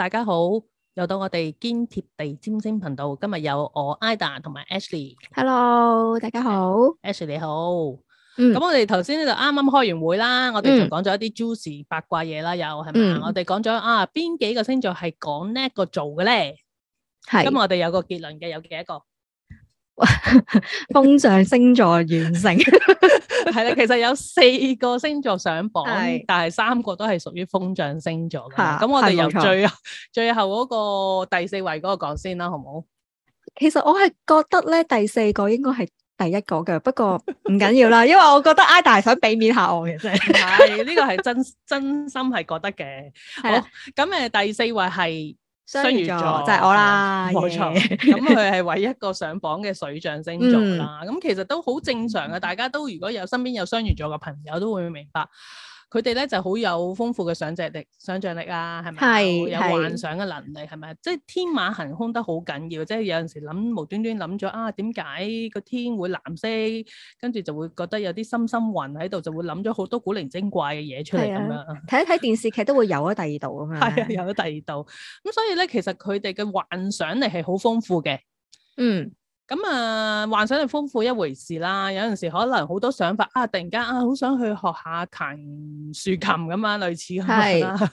大家好，又到我哋堅貼地占星頻道。今日有我 Ida 同埋 Ashley。Hello，大家好 Yeah，Ashley 你好。嗯，咁我哋頭先咧就啱啱開完會啦，我哋仲講咗一啲 juicy 八卦嘢啦，又係咪？嗯、我哋講咗啊邊幾個星座係講多過做嘅咧？係，咁我哋有個結論嘅，有幾多個？ 風象星座完成，係 啦、 啊。其實有四個星座上榜，是但係三個都係屬於風象星座嘅。咁的我哋由最後錯最後嗰個第四位嗰個講先啦，好唔好？其實我係覺得咧，第四個應該係第一個嘅，不過唔緊要啦， 因為我覺得 ida 想畀面下我嘅， 真係呢個係真真心係覺得嘅。好，咁誒第四位係。雙魚座就係我啦，冇錯錯，咁佢係唯一一個上榜嘅水象星座啦。咁 其實都好正常嘅，大家都如果有身邊有雙魚座嘅朋友，都會明白。佢哋咧就好有豐富嘅想像力、想像力啊，係咪係？有幻想嘅能力係咪？即係天馬行空得好緊要，即係有陣時諗無端端諗咗啊，點解個天會藍色？跟住就會覺得有啲深深雲喺度，就會諗咗好多古靈精怪嘅嘢出嚟咁、啊、樣。睇一睇電視劇都會有啊，第二度啊嘛。係啊，有咗第二度。咁、 啊嗯、所以咧，其實佢哋嘅幻想力係好豐富嘅。嗯。咁啊、嗯，幻想係豐富一回事啦。有陣時可能好多想法啊，突然間啊，好想去學下彈豎琴咁啊，類似咁是，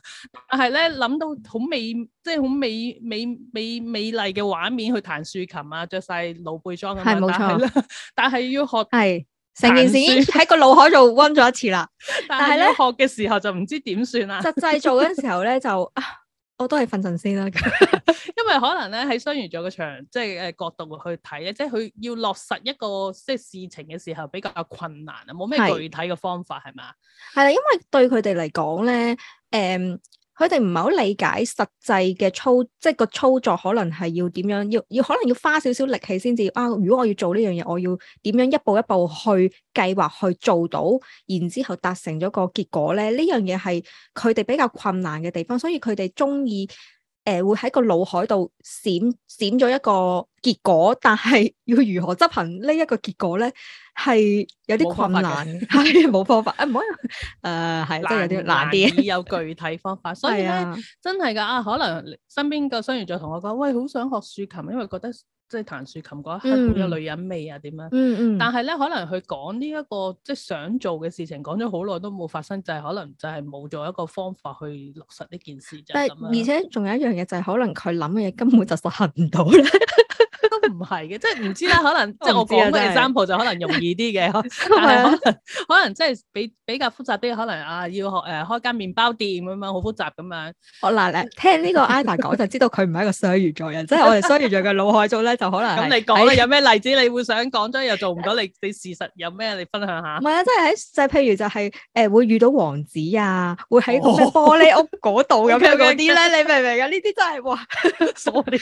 但係咧，諗到好美，即係好美美美美麗嘅畫面去彈豎琴啊，着晒露背裝咁啊。冇錯啦。但係要學係成 呢件事已經喺個腦海度溫咗一次啦。 但係咧呢學嘅時候就唔知點算啦。實際做嗰陣時候咧就。我都係瞓陣先啦， 因為可能咧喺雙魚座嘅場，即係誒、呃、角度去睇咧，即係佢要落實一個即係事情嘅時候比較困難啊，冇咩具體嘅方法係嘛？係啦是吧，因為對佢哋嚟講咧，誒、嗯。佢哋唔係好理解實際嘅操，即係個操作可能係要點樣，要要可能要花少少力氣先至啊。如果我要做呢樣嘢，我要點樣一步一步去計劃去做到，然之後達成咗個結果咧，呢樣嘢係佢哋比較困難嘅地方，所以佢哋中意。誒、呃、會喺個腦海度閃閃咗一個結果，但係要如何執行呢一個結果咧，係有啲困難，係冇方, 方法。啊唔好，誒係、呃、懶真有啲難啲，有具體方法。所以咧，啊、真係噶啊，可能身邊個雙魚座就同我講，喂，好想學豎琴，因為覺得。即係彈豎琴嗰一刻、嗯、有女人味啊，點樣？嗯嗯、但係咧，可能佢講呢一個即係想做嘅事情，講咗好耐都冇發生，就係、是、可能就係冇咗一個方法去落實呢件事。但係是就係咁樣、而且仲有一樣嘢就係、是，可能佢諗嘅嘢根本就實行唔到咧。唔係嘅，即係唔知啦。可能即係我講嘅 example 就可能容易啲嘅，但係可能可能真係比比較複雜啲。可能啊，要學誒開間麵包店咁樣，好複雜咁樣。好嗱咧，聽呢個 Ida 講，就知道佢唔係一個雙魚座人。即係我哋雙魚座嘅腦海中咧，就可能咁。你講啦，有咩例子你會想講咗又做唔到？你你事實有咩你分享下？唔係啊，即係喺即係譬如就係誒會遇到王子啊，會喺個咩玻璃屋嗰度咁樣嗰啲咧？你明唔明啊？呢啲真係哇，傻啲。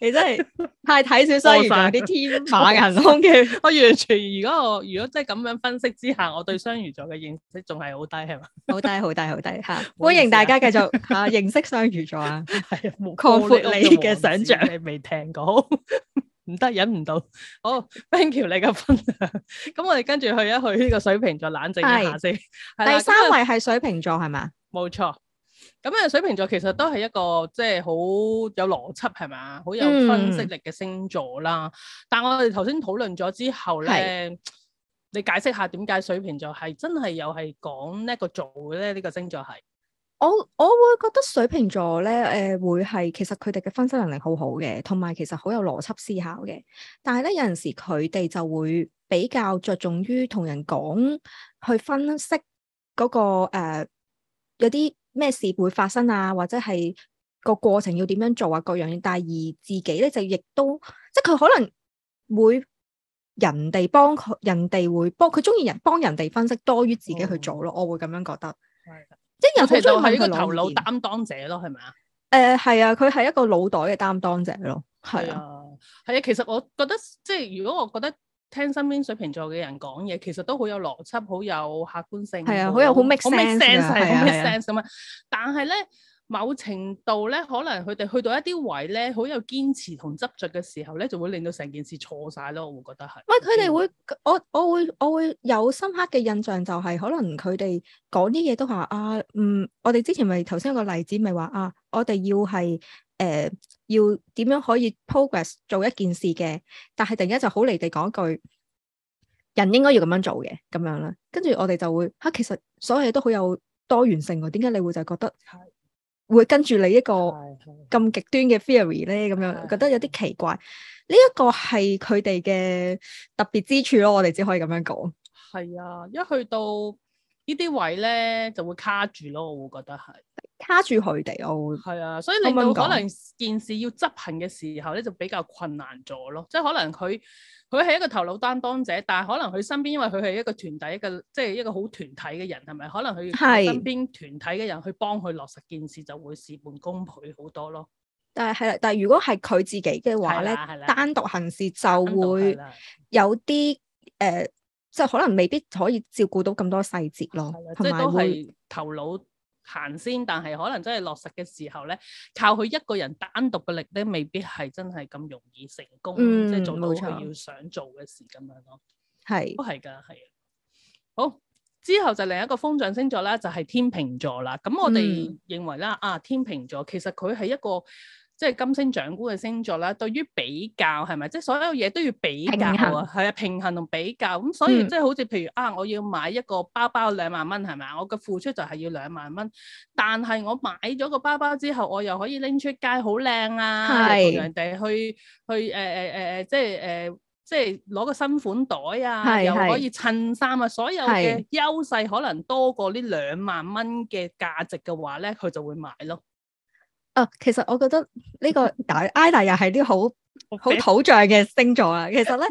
你真係太睇少雙魚座啲天馬行空嘅， 我完全如果我如果真係咁樣分析之下，我對雙魚座嘅認識仲係好低係嘛？好低，好 低，好低吓！低啊、歡迎大家繼續吓、啊、認識雙魚座啊，係擴闊你嘅想象。你未聽過，唔、嗯、得，忍唔到。好 Thank you，你嘅分享，咁我哋跟住去一去呢個水瓶座冷靜一下先。第三位係水瓶座係咪？冇錯。 咁啊，水瓶座其實都係一個即係好有邏輯係咪，好有分析力嘅星座啦。嗯、但係我哋頭先討論咗之後咧，的你解釋下點解水瓶座係真係又係講多過做咧？呢、這個星座係我我會覺得水瓶座咧，誒、呃、會係其實佢哋嘅分析能力好好嘅，同埋其實好有邏輯思考嘅。但係咧有陣時佢哋就會比較着重於同人講去分析嗰、那個誒、呃、有啲。咩事會發生啊？或者係個過程要點樣做啊？各樣嘢，但係而自己咧就亦都，即係佢可能會人哋幫佢，人哋會幫佢中意人幫人哋分析多於自己去做咯、啊。我會咁樣覺得，哦、即係人好中意係一個頭腦擔當者咯，係咪啊？誒，係啊，佢係一個腦袋嘅擔當者咯。係啊，係啊，其實我覺得即係如果我覺得。聽身邊水瓶座嘅人講嘢，其實都好有邏輯，好有客觀性，係啊，好有好 make sense 啊，好 make sense 咁啊。但係咧，某程度咧，可能佢哋去到一啲位咧，好有堅持同執著嘅時候咧，就會令到成件事錯曬咯。我會覺得係。喂，佢哋會，我我會我會有深刻嘅印象，就係可能佢哋講啲嘢都話啊，嗯，我哋之前咪頭先個例子咪話啊，我哋要係。誒、呃，要點樣可以 progress 做一件事嘅？但係突然間就好離地講一句，人應該要咁樣做嘅，咁樣啦。跟住我哋就會，吓、啊、其實所有嘢都好有多元性嘅。點解你會就係覺得會跟住你一個咁極端嘅 theory 咧？咁樣覺得有啲奇怪。呢、這、一個係佢哋嘅特別之處咯。我哋只可以咁樣講。係啊，一去到。呢啲位咧就會卡住咯，我會覺得係卡住佢哋，我會係啊，所以令到可能件事要執行嘅時候咧就比較困難咗咯。即係可能佢佢係一個頭腦擔當者，但係可能佢身邊因為佢係一個團體，一個即係一個好團體嘅人，係咪？可能佢身邊團體嘅人是去幫佢落實件事就會事半功倍好多咯。但係係啦，但係如果係佢自己嘅話咧，啊啊、單獨行事就會、啊、有啲誒。呃即係可能未必可以照顧到咁多細節咯，的即係都係頭腦行先，但係可能真係落實嘅時候咧，靠佢一個人單獨嘅力咧，未必係真係咁容易成功，嗯、即係做到佢錯要想做嘅事咁樣咯。係都係噶，係。好之後就另一個風象星座啦，就係、是、天秤座啦。咁我哋認為啦，嗯、啊天秤座其實佢係一個。即係金星掌管嘅星座啦，對於比較係咪？即係所有嘢都要比較啊，係啊衡，平衡同比較咁，所以、嗯、即係好似譬如啊，我要買一個包包兩萬蚊係咪啊？我嘅付出就係要兩萬蚊，但係我買咗個包包之後，我又可以拎出街好靚啊，樣樣地去去誒誒誒誒，即係誒、呃，即係攞、呃、個新款袋啊，是又可以襯衫啊，所有嘅優勢可能多過呢兩萬蚊嘅價值嘅話咧，佢就會買咯。啊，uh, 其實我覺得呢個大 ida 又係啲好好土象嘅星座啊。其實咧，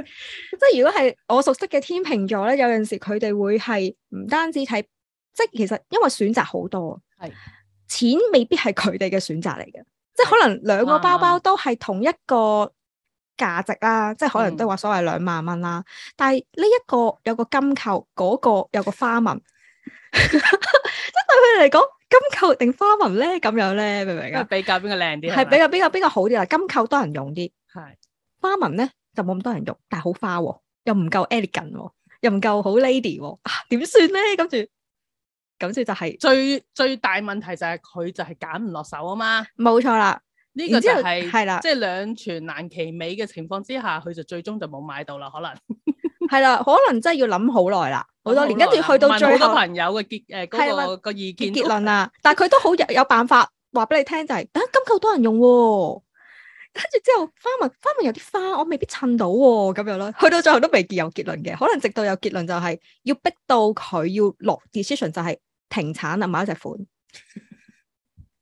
即係如果係我熟悉嘅天秤座咧，有陣時佢哋會係唔單止睇，即係其實因為選擇好多，係是錢未必係佢哋嘅選擇嚟嘅。是即係可能兩個包包都係同一個價值啦，是即係可能都話所謂兩萬蚊啦，嗯、但係呢一個有個金扣，嗰、那個有個花紋。 佢嚟講金扣定花紋咧，咁樣咧，明唔明啊？比較邊個靚啲啊？係是吧比較邊個邊個好啲啦？金扣多人用啲，係是花紋咧就冇咁多人用，但係好花、哦，又唔夠 elegant，哦、又唔夠好 lady，點算咧？咁、啊、住，咁就就是、係最最大問題就係佢就係揀唔落手啊嘛，冇錯啦，呢個就係係啦，即係兩全難其美嘅情況之下，佢就最終就冇買到啦，可能。 係啦，可能真係要諗好耐啦，好多年。跟住去到最後，問好多朋友嘅結誒，呃那個的個意見結，結論啊。但係佢都好有有辦法話俾你聽，就係、是、啊，金球多人用，啊，跟住之後花紋花紋有啲花，我未必襯到喎，啊，咁樣咯。去到最後都未見有結論嘅，可能直到有結論就係、是、要逼到佢要落 decision，就係停產啦，買一隻款。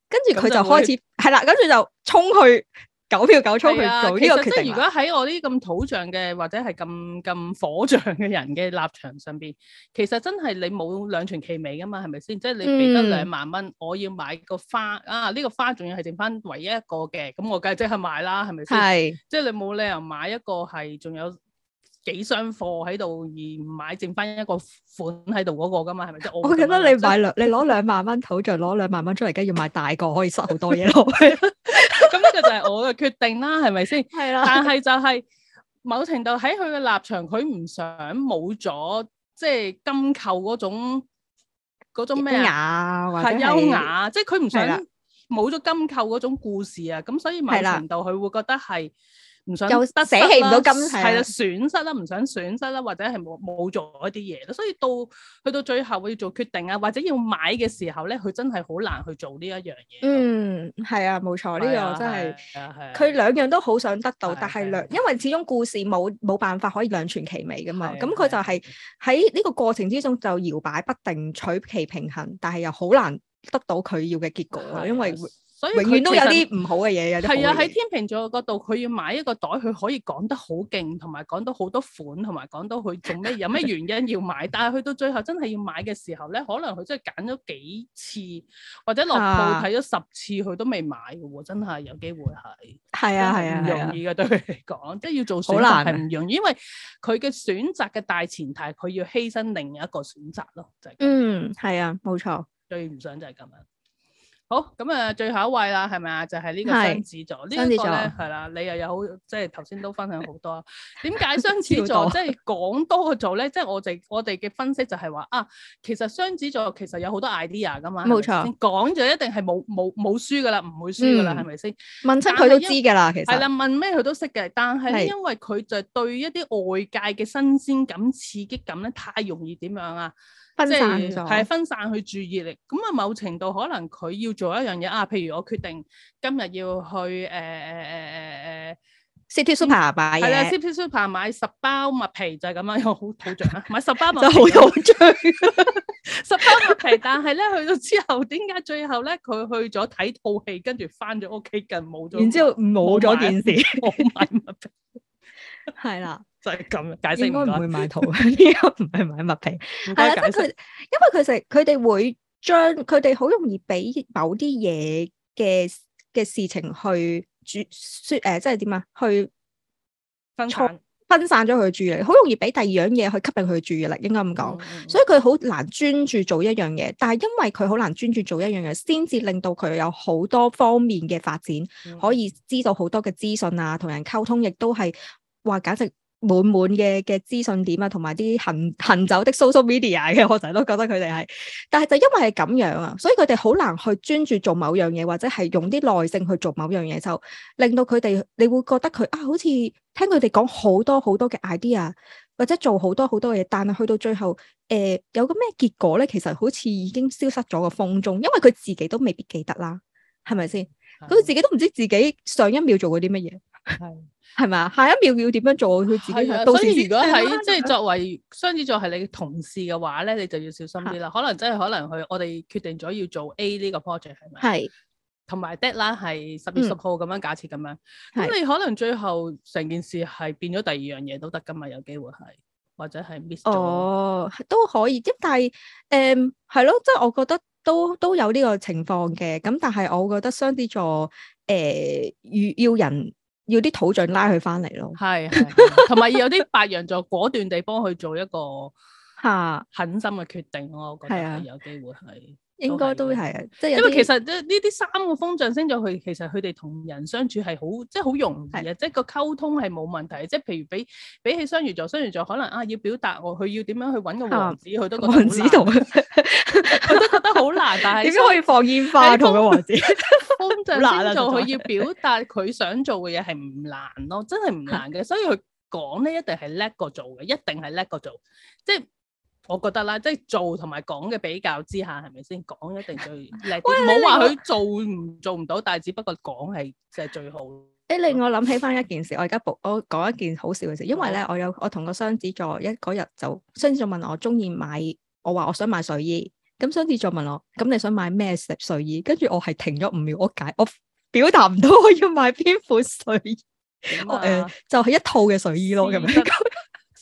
跟住佢就開始係啦，跟住 就，就沖去。九票九倉去做呢個，其實即係如果喺我啲咁土象嘅或者係咁咁火象嘅人嘅立場上邊，其實真係你冇兩全其美噶嘛，係咪先？即係你俾得兩萬蚊，我要買個花啊！呢個花仲要係剩翻唯一一個嘅，咁我梗係即刻買啦，係咪先？係即係你冇理由買一個係仲有幾箱貨喺度，而唔買剩翻一個款喺度嗰個噶嘛，係咪先？我覺得你買兩，你攞兩萬蚊土象，攞兩萬蚊出嚟，梗係要買大個，可以塞好多嘢落去。決定啦，係咪先？係啦。但係就係某程度喺佢嘅立場，佢唔想冇咗即係金牛嗰種嗰種咩啊？係優雅，即係佢唔想冇咗金牛嗰種故事啊。咁的所以某程度佢會覺得係。又捨捨棄唔到金係，係啦，損失啦，唔想損失啦，或者係冇冇做一啲嘢，所以到去到最後要做決定啊，或者要買嘅時候咧，佢真係好難去做呢一樣嘢。嗯，係啊，冇錯，呢個真係佢兩樣都好想得到，但係兩因為始終故事冇冇辦法可以兩全其美㗎嘛，咁佢就係喺呢個過程之中就搖擺不定，取其平衡，但係又好難得到佢要嘅結果，因為。所以永遠都有啲唔好嘅嘢，係啊！喺天秤座個度，佢要買一個袋，佢可以講得好勁，同埋講到好多款，同埋講到佢做咩，有咩原因要買。 但係去到最後真係要買嘅時候咧，可能佢真係揀咗幾次，或者落鋪睇咗十次，佢、啊、都未買嘅喎。真係有機會係係啊，係啊， 唔容易嘅對佢嚟講，即係的 要做選擇係唔容易，因為佢嘅選擇嘅大前提，佢要犧牲另一個選擇咯。就係、嗯，係啊，冇錯，最唔想就係咁樣。好，咁、嗯、啊，最後一位啦，係咪啊？就係、是、呢個雙子座，是呢一個咧係啦，你又有好，即係頭先都分享好多。點解雙子座 即係講多過做咧？即係 我哋我哋嘅分析就係話啊，其實雙子座其實有好多 idea 噶嘛。冇錯。講就一定係冇冇冇輸噶啦，唔會輸噶啦，係咪先？是是問出佢都知噶啦，其實。係啦，問咩佢都識嘅，但係因為佢就對一啲外界嘅新鮮感、刺激感咧，太容易點樣啊？即係分散去注意力，咁啊某程度可能佢要做一樣嘢啊。譬如我決定今日要去誒誒誒誒誒 City Super 買嘢，係 City Super 買十包麥皮就係咁樣，又好好著啦，買十包麥皮。好有趣，十包麥皮。但係咧去到之後，點解最後咧佢去咗睇套戲，跟住返咗屋企近，冇咗，然之後冇咗件事，冇買麥皮。係啦，就係咁解釋唔到。應該唔會買圖，呢家唔係買物品。係啦，因為佢，因為佢食，佢哋會將佢哋好容易俾某啲嘢嘅嘅事情去注說誒，即係點啊？去分散分散咗佢嘅注意力，好容易俾第二樣嘢去吸引佢嘅注意力，應該咁講。所以佢好難專注做一樣嘢，但係因為佢好難專注做一樣嘢，先至令到佢有好多方面嘅發展，可以知道好多嘅資訊啊，同人溝通亦都係。話簡直滿滿嘅嘅資訊點啊，同埋啲行行走的 social media 嘅，我成日都覺得佢哋係，但係就因為係咁樣啊，所以佢哋好難去專注做某樣嘢，或者係用啲耐性去做某樣嘢，就令到佢哋，你會覺得佢啊，好似聽佢哋講好多好多嘅 idea，或者做好多好多嘢，但係去到最後，誒、呃，有個咩結果咧？其實好似已經消失咗個風中，因為佢自己都未必記得啦，係咪先？佢自己都唔知自己上一秒做過啲乜嘢。係係咪，下一秒要點樣做佢自己係。的時所以如果喺即係作為雙子座係你嘅同事嘅話咧，你就要小心啲啦。的可能真係可能佢我哋決定咗要做 A 呢個 project 係咪？係同埋 deadline 係十月十號咁樣假設咁樣。咁你可能最後成件事係變咗第二樣嘢都得噶嘛？有機會係或者係 miss 咗都可以。咁但係誒係咯，即、嗯、係、即係、我覺得都都有呢個情況嘅。咁但係我覺得雙子座誒遇要人。要啲土象拉佢翻嚟咯，係，同埋有啲白羊座果斷地幫佢做一個吓狠心嘅決定咯， 我覺得係啊，有機會係，應該都係啊，即係因為其實呢呢啲三個風象星座，咗佢其實佢哋同人相處係好，即係好容易啊，即係個溝通係冇問題，即係譬如比比起雙魚座，雙魚座可能啊要表達我，佢要點樣去搵個王子，佢都王子同，佢都覺得好難，子 難，但係點解可以放煙花同個王子？ 咁就先做佢要表達佢想做嘅嘢係唔難咯，真係唔難嘅，所以佢講咧一定係叻過做嘅，一定係叻過做。即係我覺得啦，即係做同埋講嘅比較之下，係咪先講一定最叻啲？冇話佢做唔做唔到，但係只不過講係即係最好。你令我諗起翻一件事，我而家補我講一件好笑嘅事，因為咧我有我同個雙子座一嗰日就雙子座問我中意買，我話我想買睡衣。咁上次再問我，咁你想買咩 Step 睡衣？跟住我係停咗五秒，我解我表達唔到我要買邊款睡衣，誒、啊呃、就係、是、一套嘅睡衣咯，咁樣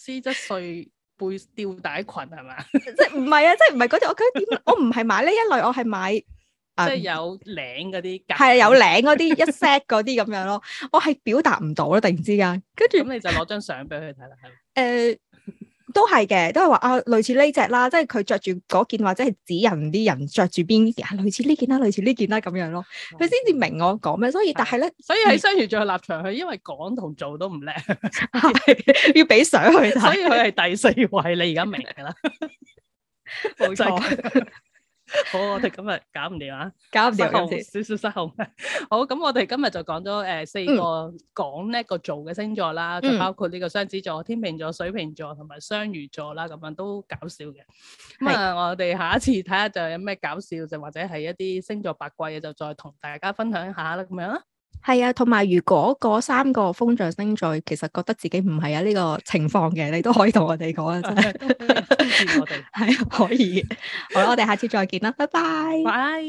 絲質睡背吊帶裙係咪？即係唔係啊？即係唔係嗰隻？我覺得點？我唔係買呢一類，我係買、 啊、即係有領嗰啲，係、 啊、有領嗰啲一 set 嗰啲咁樣咯。我係表達唔到咯、啊，突然之間，跟住咁你就攞張相俾佢睇啦，係。呃都係嘅，都係話啊，類似呢隻啦，即係佢着住嗰件或者係指引啲人着住邊件，類似呢件啦、啊，類似呢件啦、啊、咁樣咯，佢先至明我講咩。所以但係咧，嗯、所以喺雙魚座嘅立場，佢因為講同做都唔叻，是 要俾相去睇。 所以佢係第四位， 你而家明噶啦，冇錯。 好，我哋今日搞唔掂啊，搞唔掂，失控，次少少失控。 好，咁我哋今日就講咗誒四個講多過做嘅星座啦，嗯、就包括呢個雙子座、天秤座、水瓶座同埋雙魚座啦，咁樣都搞笑嘅。咁啊、嗯，我哋下一次睇下就有咩搞笑，就是或者係一啲星座八卦嘅，就再同大家分享一下啦，咁樣啦。係啊，同埋如果嗰三個風象星座其實覺得自己唔係有呢個情況嘅，你可 都可以同我哋講啊，真係， 係啊，可以，好啦，我哋下次再見啦，拜拜，拜。